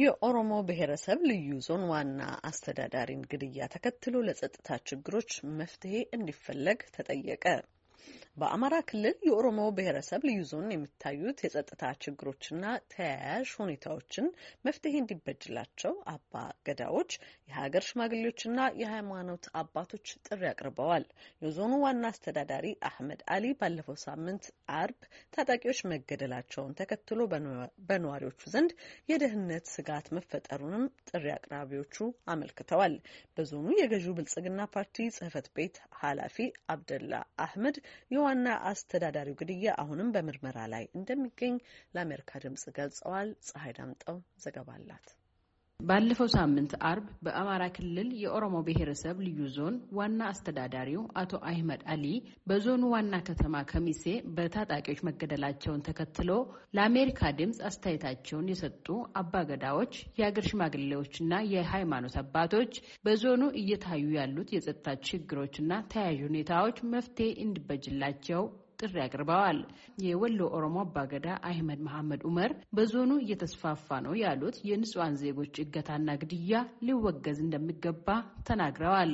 የኦሮሞ ብሔረሰብ ልዩ ዞን ዋና አስተዳዳሪን ግድያ ተከትሎ ለጸጥታ ችግሮች መፍትሄ እንዲፈለግ ተጠየቀ። በአማራ ክልል የኦሮሞ ብሔረሰብ ልዩ ዞን የሚታዩት የጸጥታ ችግሮችና ተያያዥ ሁኔታዎችን መፍትሄ እንዲበጅላቸው አባ ገዳዎች፣ የሀገር ሽማግሌዎችና የሃይማኖት አባቶች ጥሪ አቅርበዋል። የዞኑ ዋና አስተዳዳሪ አህመድ አሊ ባለፈው ሳምንት አርብ ታጣቂዎች መገደላቸውን ተከትሎ በነዋሪዎቹ ዘንድ የደህንነት ስጋት መፈጠሩንም ጥሪ አቅራቢዎቹ አመልክተዋል። በዞኑ የገዢው ብልጽግና ፓርቲ ጽህፈት ቤት ኃላፊ አብደላ አህመድ ዋና አስተዳዳሪው ግድያ አሁንም በምርመራ ላይ እንደሚገኝ ለአሜሪካ ድምጽ ገልጸዋል። ፀሐይ ዳምጠው ዘገባ አላት። ባለፈው ሳምንት አርብ በአማራ ክልል የኦሮሞ ብሔረሰብ ልዩ ዞን ዋና አስተዳዳሪው አቶ አህመድ አሊ በዞኑ ዋና ከተማ ከሚሴ በታጣቂዎች መገደላቸውን ተከትሎ ለአሜሪካ ድምፅ አስተያየታቸውን የሰጡ አባገዳዎች፣ የአገር ሽማግሌዎችና የሃይማኖት አባቶች በዞኑ እየታዩ ያሉት የጸጥታ ችግሮችና ተያያዥ ሁኔታዎች መፍትሄ እንዲበጅላቸው ጥሪ አቅርበዋል። የወሎ ኦሮሞ አባገዳ አህመድ መሐመድ ኡመር በዞኑ እየተስፋፋ ነው ያሉት የንጹሐን ዜጎች እገታና ግድያ ሊወገዝ እንደሚገባ ተናግረዋል።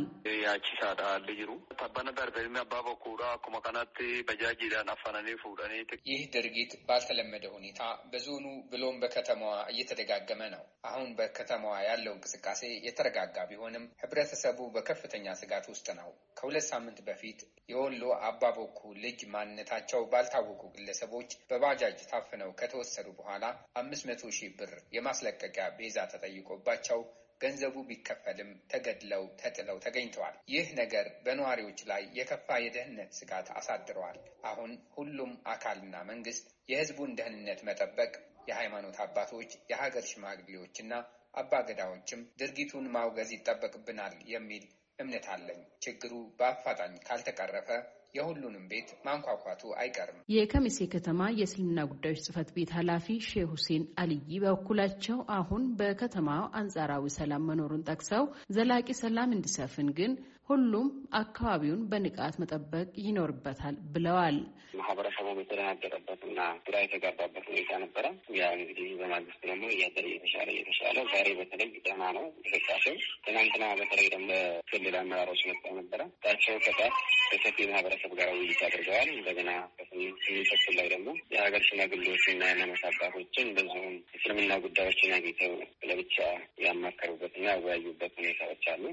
ይህ ድርጊት ባልተለመደ ሁኔታ በዞኑ ብሎም በከተማዋ እየተደጋገመ ነው። አሁን በከተማዋ ያለው እንቅስቃሴ የተረጋጋ ቢሆንም ህብረተሰቡ በከፍተኛ ስጋት ውስጥ ነው። ከሁለት ሳምንት በፊት የወሎ አባቦኩ ልጅ ማን ማንነታቸው ባልታወቁ ግለሰቦች በባጃጅ ታፍነው ከተወሰዱ በኋላ አምስት መቶ ሺህ ብር የማስለቀቂያ ቤዛ ተጠይቆባቸው ገንዘቡ ቢከፈልም ተገድለው ተጥለው ተገኝተዋል። ይህ ነገር በነዋሪዎች ላይ የከፋ የደህንነት ስጋት አሳድረዋል። አሁን ሁሉም አካልና መንግስት የህዝቡን ደህንነት መጠበቅ፣ የሃይማኖት አባቶች፣ የሀገር ሽማግሌዎችና አባገዳዎችም ድርጊቱን ማውገዝ ይጠበቅብናል የሚል እምነት አለኝ። ችግሩ በአፋጣኝ ካልተቀረፈ የሁሉንም ቤት ማንኳኳቱ አይቀርም። የከሚሴ ከተማ የእስልምና ጉዳዮች ጽህፈት ቤት ኃላፊ ሼህ ሁሴን አልይ በበኩላቸው አሁን በከተማው አንጻራዊ ሰላም መኖሩን ጠቅሰው ዘላቂ ሰላም እንዲሰፍን ግን ሁሉም አካባቢውን በንቃት መጠበቅ ይኖርበታል ብለዋል። ማህበረሰቡ የተደናገጠበት የተደናገጠበትና ግራ የተጋባበት ሁኔታ ነበረ። ያ እንግዲህ በማግስት ደግሞ እያደረ እየተሻለ እየተሻለ ዛሬ በተለይ ደህና ነው እንቅስቃሴው። ትናንትና በተለይ ደግሞ ክልል አመራሮች መጣ ነበረ ታቸው ከጣት በሰፊ ማህበረሰብ ጋር ውይይት አድርገዋል። እንደገና ስሚሰክል ላይ ደግሞ የሀገር ሽማግሌዎችና የሃይማኖት አባቶችን በዚሁም እስልምና ጉዳዮችን አግኝተው ለብቻ ያማከሩበት ያማከሩበትና ያወያዩበት ሁኔታዎች አሉ።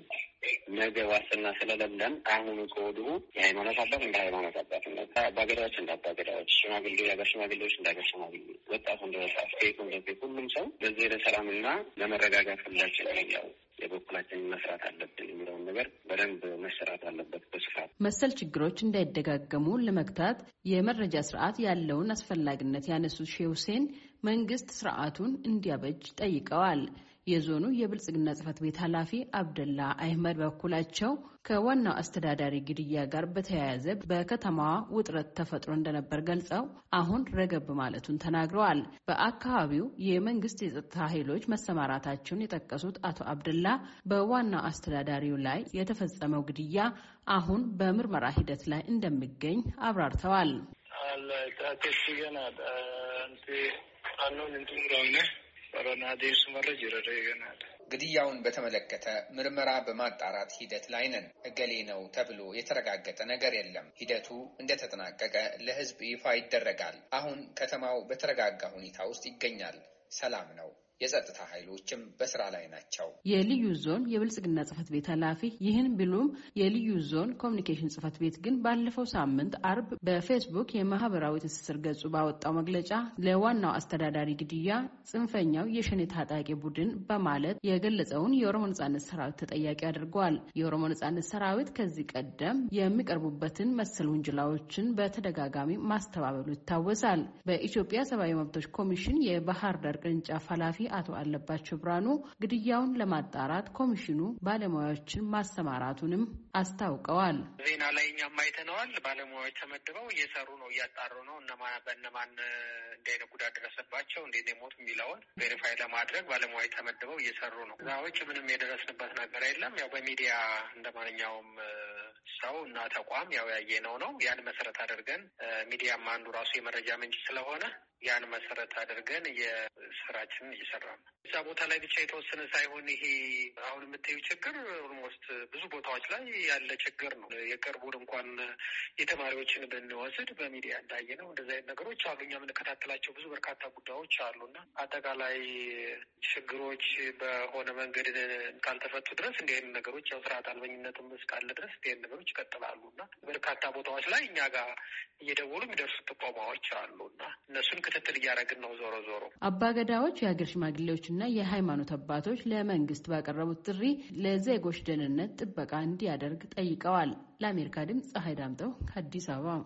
ነገ ዋስትና ስለሌለን አሁኑ ከወዲሁ የሃይማኖት አባት እንደ ሃይማኖት አባትነት፣ አባገዳዎች እንደ አባገዳዎች፣ ሽማግሌ ያገር ሽማግሌዎች እንደ ሀገር ሽማግሌ፣ ወጣቱ እንደ ወጣት፣ ሴቱ እንደ ሴት፣ ሁሉም ሰው በዚህ ለሰላምና ለመረጋጋት ሁላችን ያው የበኩላችን መስራት አለብን የሚለውን ነገር በደንብ መሰራት አለበት በስፋት መሰል ችግሮች እንዳይደጋገሙ ለመግታት የመረጃ ስርዓት ያለውን አስፈላጊነት ያነሱት ሼህ ሁሴን መንግስት ስርዓቱን እንዲያበጅ ጠይቀዋል። የዞኑ የብልጽግና ጽህፈት ቤት ኃላፊ አብደላ አህመድ በኩላቸው ከዋናው አስተዳዳሪ ግድያ ጋር በተያያዘ በከተማዋ ውጥረት ተፈጥሮ እንደነበር ገልጸው አሁን ረገብ ማለቱን ተናግረዋል። በአካባቢው የመንግስት የጸጥታ ኃይሎች መሰማራታቸውን የጠቀሱት አቶ አብደላ በዋናው አስተዳዳሪው ላይ የተፈጸመው ግድያ አሁን በምርመራ ሂደት ላይ እንደሚገኝ አብራርተዋል። ጸረናዴሱ መረጅ ይረዳ ይገናል። ግድያውን በተመለከተ ምርመራ በማጣራት ሂደት ላይ ነን። እገሌ ነው ተብሎ የተረጋገጠ ነገር የለም። ሂደቱ እንደተጠናቀቀ ለህዝብ ይፋ ይደረጋል። አሁን ከተማው በተረጋጋ ሁኔታ ውስጥ ይገኛል። ሰላም ነው። የጸጥታ ኃይሎችም በስራ ላይ ናቸው። የልዩ ዞን የብልጽግና ጽህፈት ቤት ኃላፊ ይህን ቢሉም የልዩ ዞን ኮሚኒኬሽን ጽህፈት ቤት ግን ባለፈው ሳምንት አርብ በፌስቡክ የማህበራዊ ትስስር ገጹ ባወጣው መግለጫ ለዋናው አስተዳዳሪ ግድያ ጽንፈኛው የሸኔ ታጣቂ ቡድን በማለት የገለጸውን የኦሮሞ ነጻነት ሰራዊት ተጠያቂ አድርገዋል። የኦሮሞ ነጻነት ሰራዊት ከዚህ ቀደም የሚቀርቡበትን መሰል ውንጅላዎችን በተደጋጋሚ ማስተባበሉ ይታወሳል። በኢትዮጵያ ሰብአዊ መብቶች ኮሚሽን የባህር ዳር ቅርንጫፍ ኃላፊ አቶ አለባቸው ብርሃኑ ግድያውን ለማጣራት ኮሚሽኑ ባለሙያዎችን ማሰማራቱንም አስታውቀዋል። ዜና ላይ እኛም አይተነዋል። ባለሙያዎች ተመድበው እየሰሩ ነው፣ እያጣሩ ነው። እነማን በእነማን እንዲህ ጉዳት ደረሰባቸው፣ እንዴት የሞት የሚለውን ቬሪፋይ ለማድረግ ባለሙያዎች ተመድበው እየሰሩ ነው። ዛዎች ምንም የደረስንበት ነገር የለም። ያው በሚዲያ እንደ ማንኛውም ሰው እና ተቋም ያው ያየነው ነው። ያን መሰረት አድርገን ሚዲያም አንዱ ራሱ የመረጃ ምንጭ ስለሆነ ያን መሰረት አድርገን የስራችንን እየሰራ ነው። እዛ ቦታ ላይ ብቻ የተወሰነ ሳይሆን ይሄ አሁን የምታዩ ችግር ኦልሞስት ብዙ ቦታዎች ላይ ያለ ችግር ነው። የቅርቡን እንኳን የተማሪዎችን ብንወስድ በሚዲያ እንዳየ ነው እንደዚህ አይነት ነገሮች አሉ። እኛ የምንከታተላቸው ብዙ በርካታ ጉዳዮች አሉና አጠቃላይ ችግሮች በሆነ መንገድ ካልተፈቱ ድረስ እንዲህ አይነት ነገሮች ያው ስርዓት አልበኝነትም እስካለ ድረስ እንዲህ አይነት ነገሮች ይቀጥላሉ በርካታ ቦታዎች ላይ እኛ ጋር እየደወሉ የሚደርሱ ጥቆማዎች አሉና እነሱን ክትትል እያደረግን ነው። ዞሮ ዞሮ አባገዳዎች፣ የሀገር ሽማግሌዎች እና የሃይማኖት አባቶች ለመንግስት ባቀረቡት ጥሪ ለዜጎች ደህንነት ጥበቃ እንዲያደርግ ጠይቀዋል። ለአሜሪካ ድምፅ ፀሐይ ዳምጠው ከአዲስ አበባ